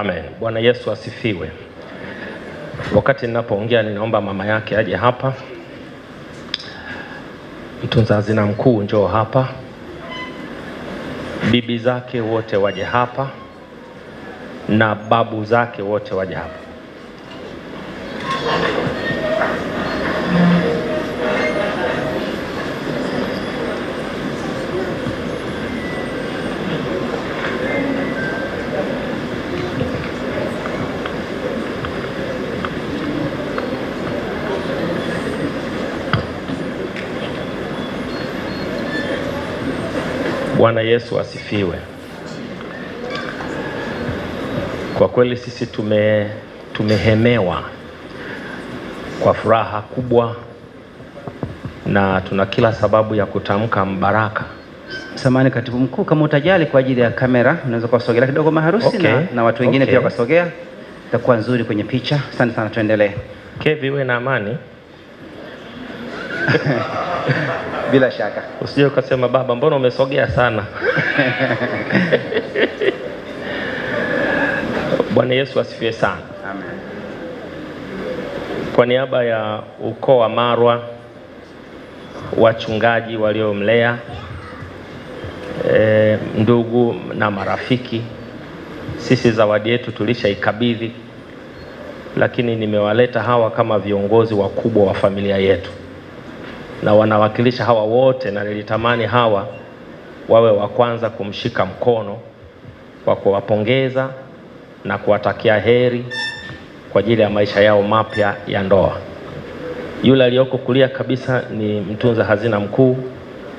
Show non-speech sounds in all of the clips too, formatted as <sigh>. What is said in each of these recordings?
Amen. Bwana Yesu asifiwe. Wakati ninapoongea ninaomba mama yake aje hapa, mtunza hazina mkuu njoo hapa, bibi zake wote waje hapa na babu zake wote waje hapa. Bwana Yesu asifiwe. Kwa kweli sisi tume, tumehemewa kwa furaha kubwa na tuna kila sababu ya kutamka mbaraka. samani katibu mkuu, kama utajali kwa ajili ya kamera unaweza kuwasogelea kidogo maharusi okay. na, na watu wengine okay. pia wakasogea, itakuwa nzuri kwenye picha. Asante sana, tuendelee. Kevi, uwe na amani <laughs> Bila shaka usije ukasema baba, mbona umesogea sana? <laughs> Bwana Yesu asifiwe sana. Amen. Kwa niaba ya ukoo wa Marwa, wachungaji waliomlea e, ndugu na marafiki, sisi zawadi yetu tulishaikabidhi, lakini nimewaleta hawa kama viongozi wakubwa wa familia yetu na wanawakilisha hawa wote, na nilitamani hawa wawe wa kwanza kumshika mkono kwa kuwapongeza na kuwatakia heri kwa ajili ya maisha yao mapya ya ndoa. Yule aliyoko kulia kabisa ni mtunza hazina mkuu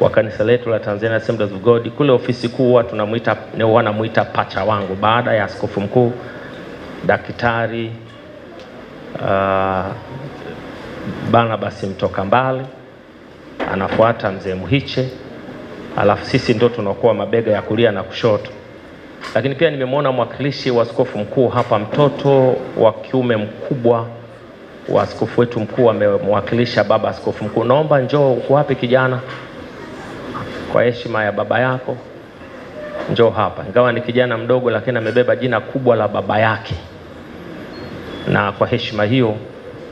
wa kanisa letu la Tanzania Assemblies of God. Kule ofisi kuu huwa tunamuita wanamuita pacha wangu baada ya askofu mkuu Daktari uh, Barnabas Mtoka mbali anafuata mzee Mhiche, alafu sisi ndio tunakuwa mabega ya kulia na kushoto. Lakini pia nimemwona mwakilishi wa askofu mkuu hapa, mtoto wa kiume mkubwa wa askofu wetu mkuu amemwakilisha baba askofu mkuu. Naomba njoo, wapi kijana? Kwa heshima ya baba yako njoo hapa. Ingawa ni kijana mdogo, lakini amebeba jina kubwa la baba yake, na kwa heshima hiyo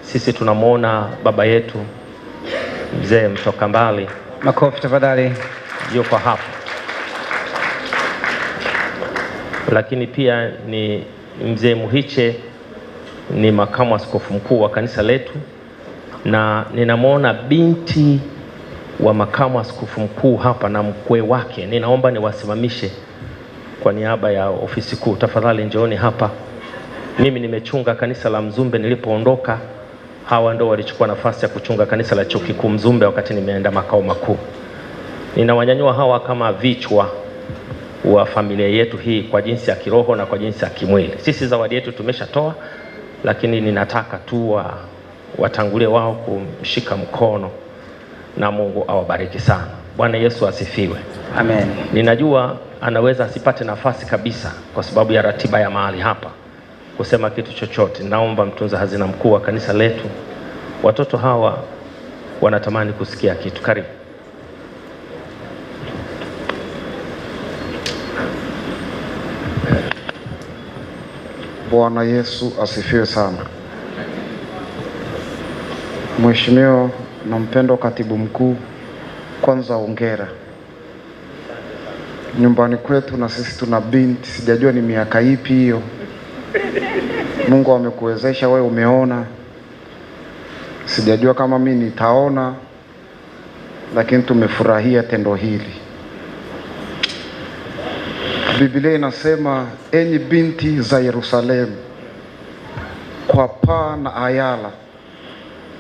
sisi tunamwona baba yetu Mzee mtoka mbali, makofi tafadhali. Yuko hapa lakini pia ni mzee Muhiche, ni makamu askofu mkuu wa kanisa letu, na ninamwona binti wa makamu askofu mkuu hapa na mkwe wake. Ninaomba niwasimamishe kwa niaba ya ofisi kuu, tafadhali njooni hapa. Mimi nimechunga kanisa la Mzumbe nilipoondoka hawa ndo walichukua nafasi ya kuchunga kanisa la chuo kikuu Mzumbe wakati nimeenda makao makuu. Ninawanyanyua hawa kama vichwa wa familia yetu hii kwa jinsi ya kiroho na kwa jinsi ya kimwili. Sisi zawadi yetu tumeshatoa, lakini ninataka tu wa watangulie wao kumshika mkono na Mungu awabariki sana. Bwana Yesu asifiwe. Amen. Ninajua anaweza asipate nafasi kabisa kwa sababu ya ratiba ya mahali hapa kusema kitu chochote. Naomba mtunza hazina mkuu wa kanisa letu, watoto hawa wanatamani kusikia kitu. Karibu. Bwana Yesu asifiwe sana. Mheshimiwa na mpendwa katibu mkuu, kwanza ongera Nyumbani kwetu na sisi tuna binti, sijajua ni miaka ipi hiyo <laughs> Mungu amekuwezesha wewe, umeona. Sijajua kama mi nitaona, lakini tumefurahia tendo hili. Biblia inasema, enyi binti za Yerusalemu, kwa paa na ayala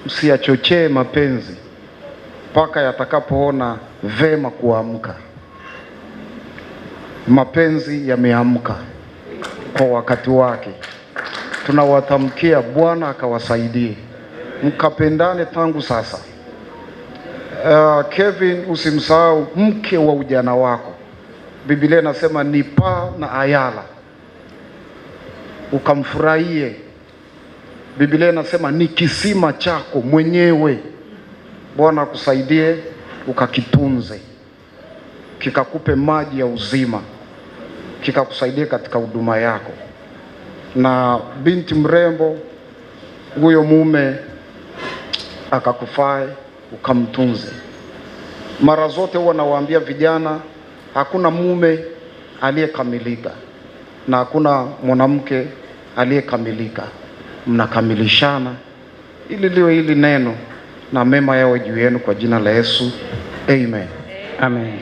msiyachochee mapenzi mpaka yatakapoona vema kuamka. Mapenzi yameamka kwa wakati wake. Tunawatamkia Bwana akawasaidie, mkapendane tangu sasa. Uh, Kevin, usimsahau mke wa ujana wako. Biblia inasema ni paa na ayala, ukamfurahie. Biblia inasema ni kisima chako mwenyewe. Bwana akusaidie, ukakitunze kikakupe maji ya uzima kikakusaidia katika huduma yako. Na binti mrembo huyo mume akakufae ukamtunze. Mara zote huwa nawaambia vijana, hakuna mume aliyekamilika na hakuna mwanamke aliyekamilika, mnakamilishana. Ili liwe hili neno na mema yawe juu yenu kwa jina la Yesu, amen, amen.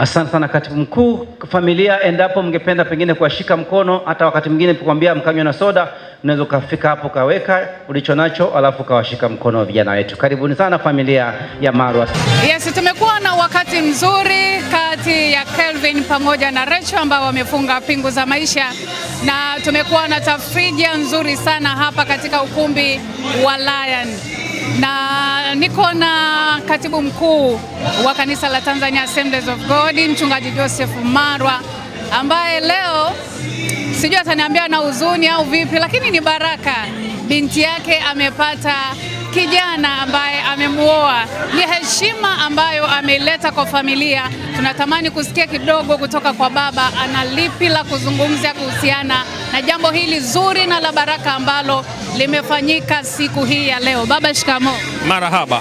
Asante sana katibu mkuu. Familia, endapo mngependa pengine kuwashika mkono, hata wakati mwingine kukwambia mkanywe na soda, unaweza ukafika hapo ukaweka ulichonacho, alafu ukawashika mkono wa vijana wetu. Karibuni sana familia ya Marwa. Yes, tumekuwa na wakati mzuri kati ya Kelvin pamoja na Rachel ambao wamefunga pingu za maisha, na tumekuwa na tafrija nzuri sana hapa katika ukumbi wa Lion na niko na katibu mkuu wa kanisa la Tanzania Assemblies of God mchungaji Joseph Marwa ambaye leo sijui ataniambia na huzuni au vipi, lakini ni baraka, binti yake amepata kijana ambaye amemuoa, ni heshima ambayo ameileta kwa familia. Tunatamani kusikia kidogo kutoka kwa baba, ana lipi la kuzungumza kuhusiana na jambo hili zuri na la baraka ambalo limefanyika siku hii ya leo. Baba, shikamo. Marahaba.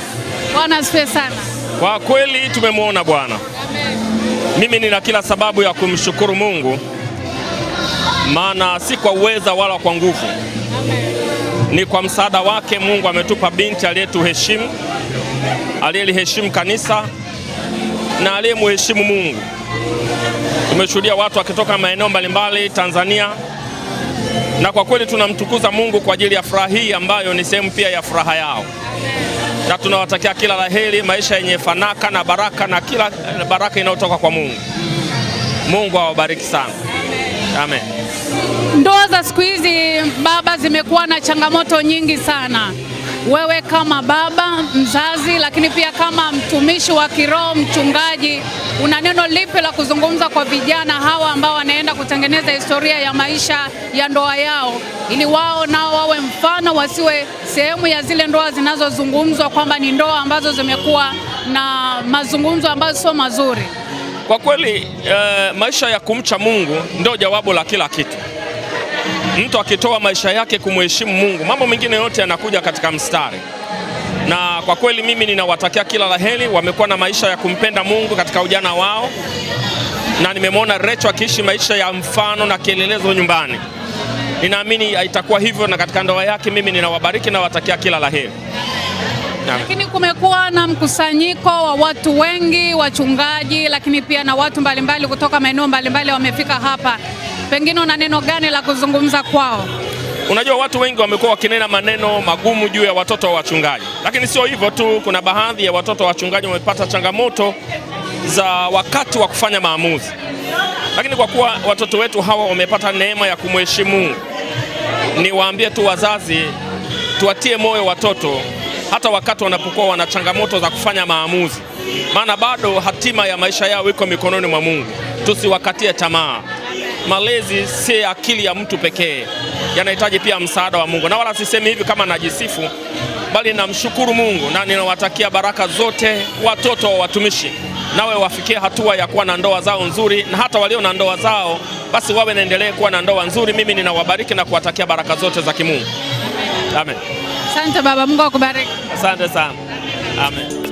Bwana asifiwe sana. Kwa kweli tumemwona Bwana. Mimi nina kila sababu ya kumshukuru Mungu, maana si kwa uweza wala kwa nguvu ni kwa msaada wake Mungu ametupa binti aliyetuheshimu, aliyeliheshimu kanisa na aliyemheshimu Mungu. Tumeshuhudia watu wakitoka maeneo mbalimbali Tanzania, na kwa kweli tunamtukuza Mungu kwa ajili ya furaha hii ambayo ni sehemu pia ya furaha yao, na tunawatakia kila heri, maisha yenye fanaka na baraka na kila baraka inayotoka kwa Mungu. Mungu awabariki sana. Amen. Ndoa za siku hizi baba, zimekuwa na changamoto nyingi sana. Wewe kama baba mzazi, lakini pia kama mtumishi wa kiroho, mchungaji, una neno lipi la kuzungumza kwa vijana hawa ambao wanaenda kutengeneza historia ya maisha ya ndoa yao, ili wao nao wawe mfano, wasiwe sehemu ya zile ndoa zinazozungumzwa kwamba ni ndoa ambazo zimekuwa na mazungumzo ambayo sio mazuri? Kwa kweli e, maisha ya kumcha Mungu ndio jawabu la kila kitu. Mtu akitoa maisha yake kumheshimu Mungu, mambo mengine yote yanakuja katika mstari. Na kwa kweli mimi ninawatakia kila laheri. Wamekuwa na maisha ya kumpenda Mungu katika ujana wao, na nimemwona Recho akiishi maisha ya mfano na kielelezo nyumbani. Ninaamini itakuwa hivyo na katika ndoa yake. Mimi ninawabariki na watakia kila laheri. Lakini kumekuwa na mkusanyiko wa watu wengi, wachungaji, lakini pia na watu mbalimbali kutoka maeneo mbalimbali wamefika hapa, pengine una neno gani la kuzungumza kwao? Unajua, watu wengi wamekuwa wakinena maneno magumu juu ya watoto wa wachungaji, lakini sio hivyo tu. Kuna baadhi ya watoto wa wachungaji wamepata changamoto za wakati wa kufanya maamuzi, lakini kwa kuwa watoto wetu hawa wamepata neema ya kumheshimu, niwaambie tu wazazi, tuwatie moyo watoto hata wakati wanapokuwa wana changamoto za kufanya maamuzi, maana bado hatima ya maisha yao iko mikononi mwa Mungu. Tusiwakatie tamaa. Malezi si akili ya mtu pekee, yanahitaji pia msaada wa Mungu, na wala sisemi hivi kama najisifu, bali namshukuru Mungu na ninawatakia baraka zote watoto wa watumishi, nawe wafikie hatua ya kuwa na ndoa zao nzuri, na hata walio na ndoa zao basi wawe naendelee kuwa na ndoa nzuri. Mimi ninawabariki na kuwatakia baraka zote za kimungu. Amen. Asante baba, Mungu akubariki. Asante sana. Amen.